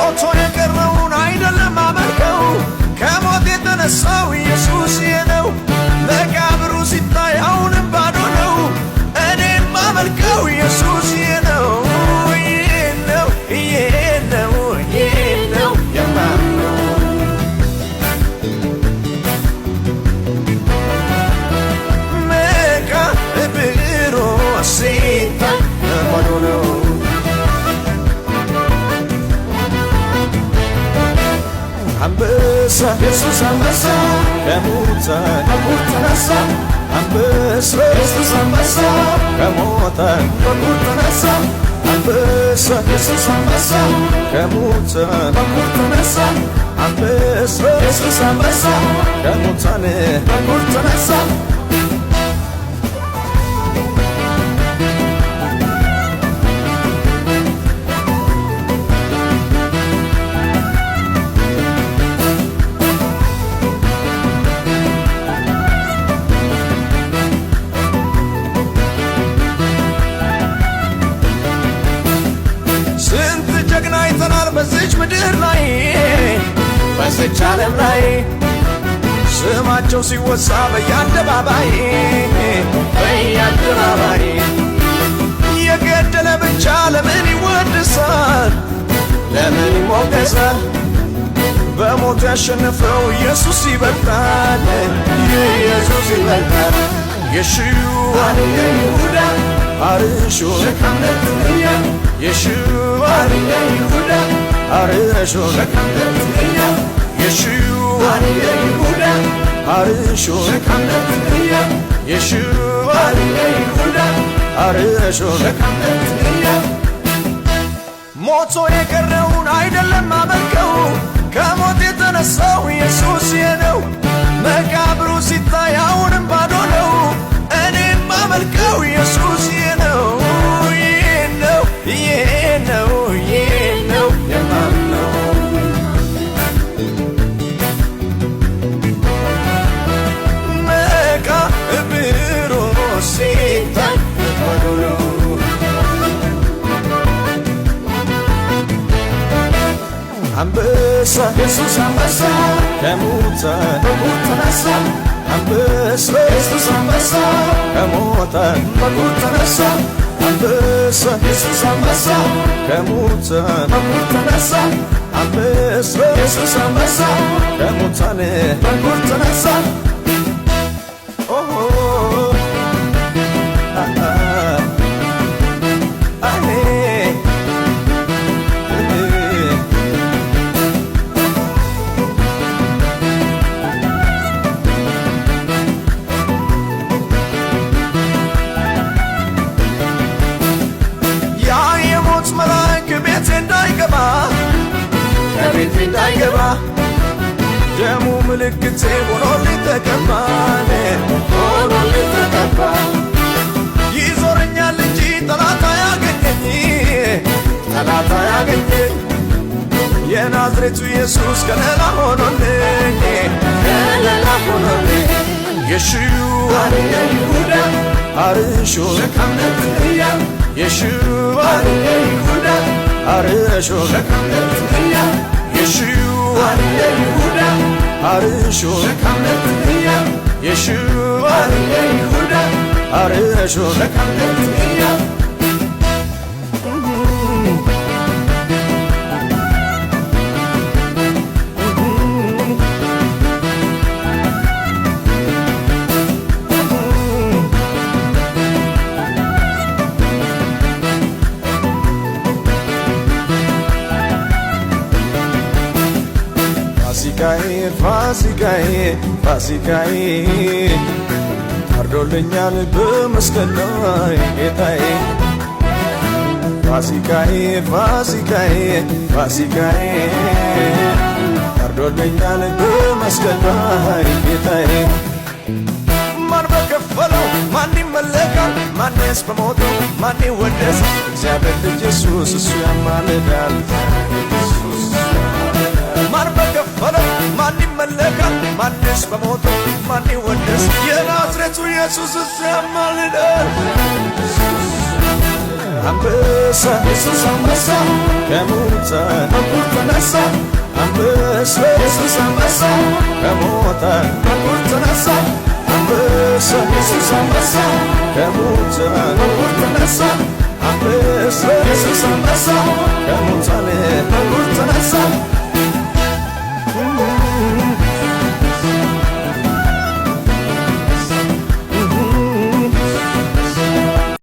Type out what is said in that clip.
ሞቶን የቀረውን አይደለም አመልከው ከሞት የተነሳው ኢየሱስ አንበሳ ኢየሱስ አንበሳ ከሙታን ተነሳ አንበሳ ኢየሱስ አንበሳ ከሙታን ተነሳ አንበሳ ኢየሱስ አንበሳ ከሙታን ተነሳ አንበሳ ኢየሱስ አንበሳ ከሙታን ተነሳ ተገናኝተናል በዚች ምድር ላይ በዚች ዓለም ላይ ስማቸው ሲወሳ በየአደባባይ በየአደባባይ የገደለ ብቻ ለምን ይወድሳል? ለምን ይሞገሳል? በሞት ያሸነፈው ኢየሱስ ይበልጣል፣ ኢየሱስ ይበልጣል። የሽዩ አንድ ይሁዳ አርሾ ሸካምነት Yeshua Ariya Yehuda Arishon Shekandet Eya Yeshua Ariya Yehuda Arishon Shekandet Eya Yeshua Ariya Yehuda Arishon Shekandet Eya ሞቶ የቀረውን አይደለም አመልከው ከሞት የተነሳው ኢየሱስ አንበሳ ኢየሱስ አንበሳ ከሙታን በሞት ተነሳ አንበሳ ኢየሱስ አንበሳ ከሙታን ተነሳ አንበሳ ኢየሱስ አንበሳ ከሙታን ተነሳ አንበሳ ኢየሱስ አንበሳ ከሙታን ተነሳ ምልክቴ ሆኖልኝ ተቀባለ ሆኖልኝ ተቀባ ይዞረኛል እንጂ ጠላት አያገኘኝ ጠላት አያገኘኝ የናዝሬቱ ኢየሱስ ከለላ ሆኖልኝ ከለላ ሆኖልኝ የሽዩ አርያ ይሁዳ አርሾ ሸካምነት የሽዩ አርያ ይሁዳ አርሾ ሸካምነት የሽዩ አርያ ይሁዳ አርሾ የሽዋ አርሾ ፋሲካዬ ፋሲካዬ ፋሲካዬ ታርዶልኛል በመስቀል ጌታዬ ፋሲካዬ ፋሲካዬ ፋሲካዬ ታርዶልኛል በመስቀል ጌታዬ ማን በከፈለው ማን ይመለካል? ማንስ በሞተው ማን ይወደስ? እግዚአብሔር ልጅ ኢየሱስ እሱ ያማልዳል ዮሐንስ በሞቱ ማን ይወደስ? የናዝሬቱ ኢየሱስ ሲያማልደን አንበሳ ኢየሱስ አንበሳ ከሙታን እኩል ተነሳ። አንበሳ ኢየሱስ አንበሳ ከሙታን እኩል ተነሳ። አንበሳ ኢየሱስ አንበሳ ከሙታን እኩል ተነሳ። አንበሳ ኢየሱስ አንበሳ ከሙታን